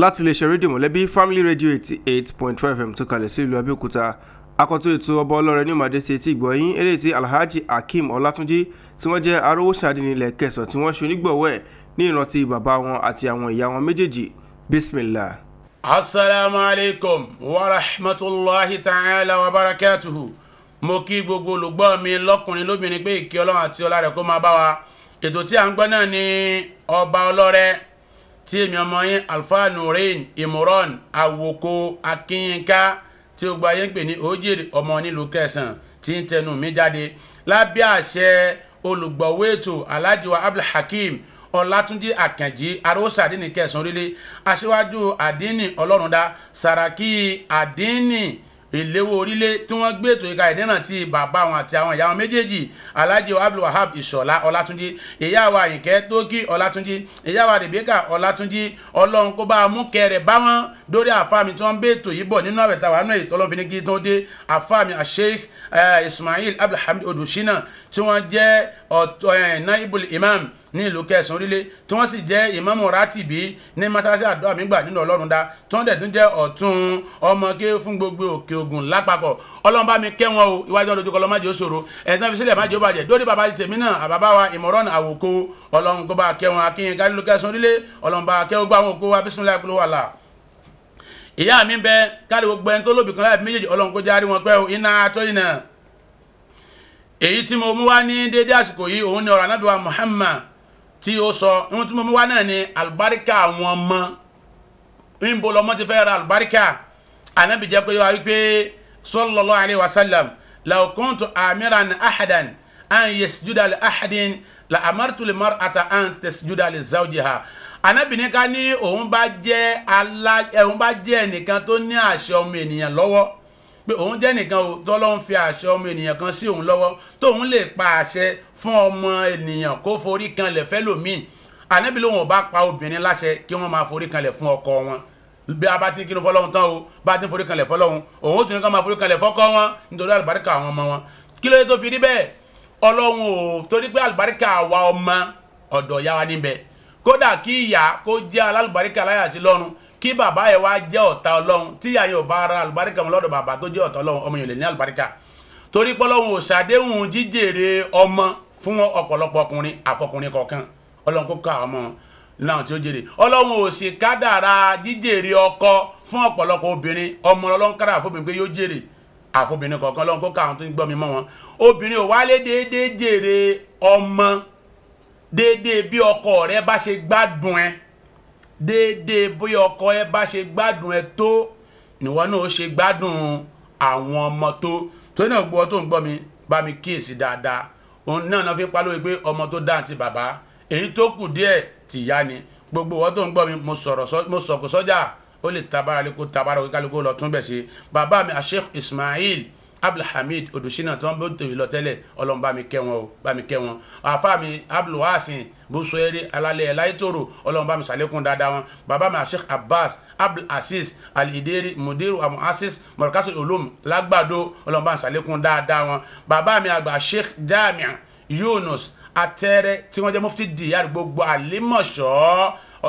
láti iléeṣẹ́ rédíò mọ̀lẹ́bí family radio eighty eight point five m tó kalẹ̀ sí ìlú abẹ́òkúta akọ́tún ètò ọba ọlọ́rẹ̀ ní ìmọ̀dé sí etí ìgbọ̀nyín eléyìí tí alhaji akeem ọlátúnjí tí wọ́n jẹ́ arówó sàdínilẹ̀ kẹsàn-án tí wọ́n ṣe onígbọ̀wọ́ ẹ̀ ní ìrántí bàbá wọn àti àwọn ìyá wọn méjèèjì bismillah. asalaamu alaykum wa rahmatulahi ta'ala wa barakatuhu mo kí gbogbo olùgbọ́ mi lọ́kùnrin lóbìnrin pé ìkí ọlọ́run àti ọlá rẹ̀ kó máa bá wa ètò tí à ń gbọ́ náà ni ọba ọlọ́rẹ̀ tí èmi ọmọ yín alfa nurin imran awoko akínyínká tí ó gba yín pè ní ojèrè ọmọ nílùú kẹsàn tí ń tẹnu mi jáde lábẹ́ àṣẹ olùgbọ̀wé ètò alhajiwa abdulhakeem ọlátúnjí àkànjí arósàdé ní kẹsàn orílẹ̀ aṣíwájú àdínì ọlọ́run dá sàràkí àdínì ìléwó orílẹ̀ tí wọ́n gbé ètò ìka ìdínrántí bàbá wọn àti àwọn ìyá wọn méjèèjì alhaji abdul wahab ìṣọ̀lá ọlátúnjí ìyá wa àyìnkẹ́ tókì ọlátúnjí ìyá wa rebecca ọlátúnjí ọlọ́run kó bá a mú kẹrẹ̀ bá wọn dórí àfáàmì tí wọ́n ń gbé ètò yìí bọ̀ nínú àwẹ̀tà wà nínú èyí tọ́lọ́fin kí tó dé àfáàmì sheikh eh, ismail abdulhamid odushina tí wọ́n jẹ́ ọ̀tọ̀ eh, naibul imam ní ìlú kẹsàn-án orílẹ̀ tí wọ́n sì jẹ́ ìmáàmù rátìbí ní mọ́ṣáláṣí àdó àmìgbà nínú ọlọ́run dá tí wọ́n dẹ̀ tún jẹ́ ọ̀tún ọmọ ké fún gbogbo òkè ògùn lápapọ̀ ọlọ́run bá mi kẹ́ wọn o iwájú ọdún ojúkọ lọ́mọdé òṣòro ẹ̀ẹ́dì tán fi sílẹ̀ má jẹ́ ó bàjẹ́ dórí bàbá ti tèmi náà àbábá wa ìmọ̀ràn àwòkó ọlọ́run kó bá kẹ́ wọn akínyìn kárí lókẹ́sán orílẹ̀ ọlọ́run bá kẹ́ gbogbo àwọn òkú wa èyí tí mo mú wá ní déédéé àsìkò yìí òun ni ọ̀rọ̀ anábìwá Muhammad tí ó sọ ohun tí mo mú wá náà ni àlùbáríkà àwọn ọmọ níbo lọmọ ti fẹ́ ra àlùbáríkà ànábì jẹ́ pé wá wípé sallallahu alayhi wa sallam law kuntu amiran ahadan an yasjuda li ahadin la amartu li mar'ata an tasjuda ànábì ní ní òun bá jẹ́ ẹnìkan tó ní àṣẹ ọmọ ènìyàn lọ́wọ́ pé òun jẹ́ nìkan o tọ́lọ́hún fi àṣẹ ọmọ ènìyàn kan sí òun lọ́wọ́ tóun lè pa àṣẹ fún ọmọ ènìyàn kó forí kanlẹ̀ fẹ́lòmíì ànábì lòun ò bá pa obìnrin láṣẹ kí wọ́n máa forí kanlẹ̀ fún ọkọ wọn bí a bá ti kírun fọlọ́hún tán o bá ti forí kanlẹ̀ fọlọ́hún òun ó tún ká máa forí kanlẹ̀ fọ́kọ wọn nítorí àlùbáríkà àwọn ọmọ wọn kí ló dé tó fi rí bẹ́ẹ̀ ọlọ́run ò torí pé àlùbáríkà àwa ọmọ ọ̀dọ̀ yá wa níbẹ̀ kódà kí ìyá kó jẹ́ alálùbáríkà láyà àti lọ́run kí bàbá yẹn wá jẹ́ ọ̀tá ọlọ́run tí àyàn bá ara àlùbáríkà wọn lọ́dọ̀ bàbá tó jẹ́ ọ̀tá ọlọ́run ọmọ yẹn lè ní àlùbáríkà torí pọ́lọ́run ò ṣàdéhùn jíjèrè ọmọ fún ọ̀pọ̀lọpọ̀ ọkùnrin àfọkùnrin kọ̀ọ̀kan ọlọ́run kó ká ọmọ náà tí ó jèrè ọlọ́run ò sì kádàrá jíjèrè ọkọ fún ọ̀pọ̀lọpọ̀ obìnrin ọmọ ọlọ́run kádàrá fóbìnrin pé yóò jèrè déédéé bóyá ọkọ ẹ bá ṣe gbádùn ẹ tó níwọ náà ó ṣe gbádùn àwọn ọmọ tó torí náà gbọ́ tó ń gbọ́ mi bá mi kíyèsí dáadáa òun náà náà fi palóye pé ọmọ tó dáhùn ti bàbá èyí tó kù díẹ̀ tìyá ni gbogbo wọn tó ń gbọ́ mi mo sọ̀kò sọ́jà ó lè tabara lè tabara kó kálukó bẹ̀ ṣe bàbá mi Sheikh Ismail abdulhamid odùsínà tí wọ́n bó tòyí lọ tẹ́lẹ̀ ọlọ́run mi kẹ́ wọn o bá mi kẹ́ wọn àfa mi abdulwasin busoere alalẹ ẹláìtòrò ọlọ́run bá mi ṣàlékún dáadáa wọn bàbá mi sheikh abbas abdulaziz alideri mudiru amuasis mọ̀rọ̀kásì olóòmù lágbàdo ọlọ́run bá mi ṣàlékún dáadáa wọn bàbá mi àgbà sheikh jamiu yunus atẹ́rẹ́ tí wọ́n jẹ́ mufti diyar gbogbo àlímọ̀ṣọ́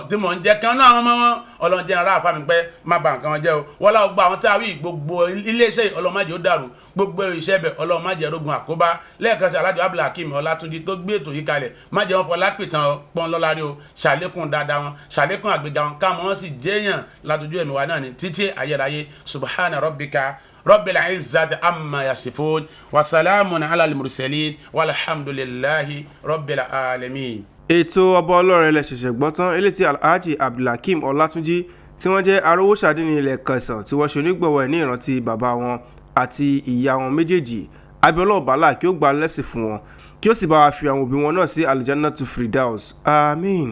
tí mò ń jẹ́ kan náà àwọn ọmọ wọn ọlọ́run jẹ́ ara àfa mi pẹ́ má ba nǹkan wọn jẹ́ o wọ́n láwọn gba àwọn táwí gbogbo iléeṣẹ́ ọlọ́mọdé ó dàrú gbogbo iṣẹ́ bẹ̀ ọlọ́mọdé rogun àkóbá lẹ́ẹ̀kan sí alájọ abdul hakeem ọlátúnjí tó gbé ètò yìí kalẹ̀ má jẹ́ wọn fọlá pìtàn pọ́n lọ́lárí o ṣàlékún dáadáa wọn ṣàlékún àgbéga wọn káàmọ́ wọn sì jẹ́yàn látọjú ẹ̀mí wa náà ní títí ayérayé subhana rabbika rabbil izzati amma yasifun wa ala al-mursalin walhamdulillahi rabbil alamin ètò ọba ọlọ́rẹ̀ ilẹ̀ ṣẹ̀ṣẹ̀ gbọ́ tán eléyìí tí alhaji abdulhakeem ọlátúnjì tí wọ́n jẹ́ arówóṣàdé ní ilẹ̀ kẹsàn tí wọ́n ṣe onígbọ̀wọ́ ẹ̀ ní ìrántí bàbá wọn àti ìyá wọn méjèèjì abiola obala kí ó gba lẹ́sìn fún wọn kí ó sì bá wa fi àwọn òbí wọn náà sí aljannatu firdaus àmín.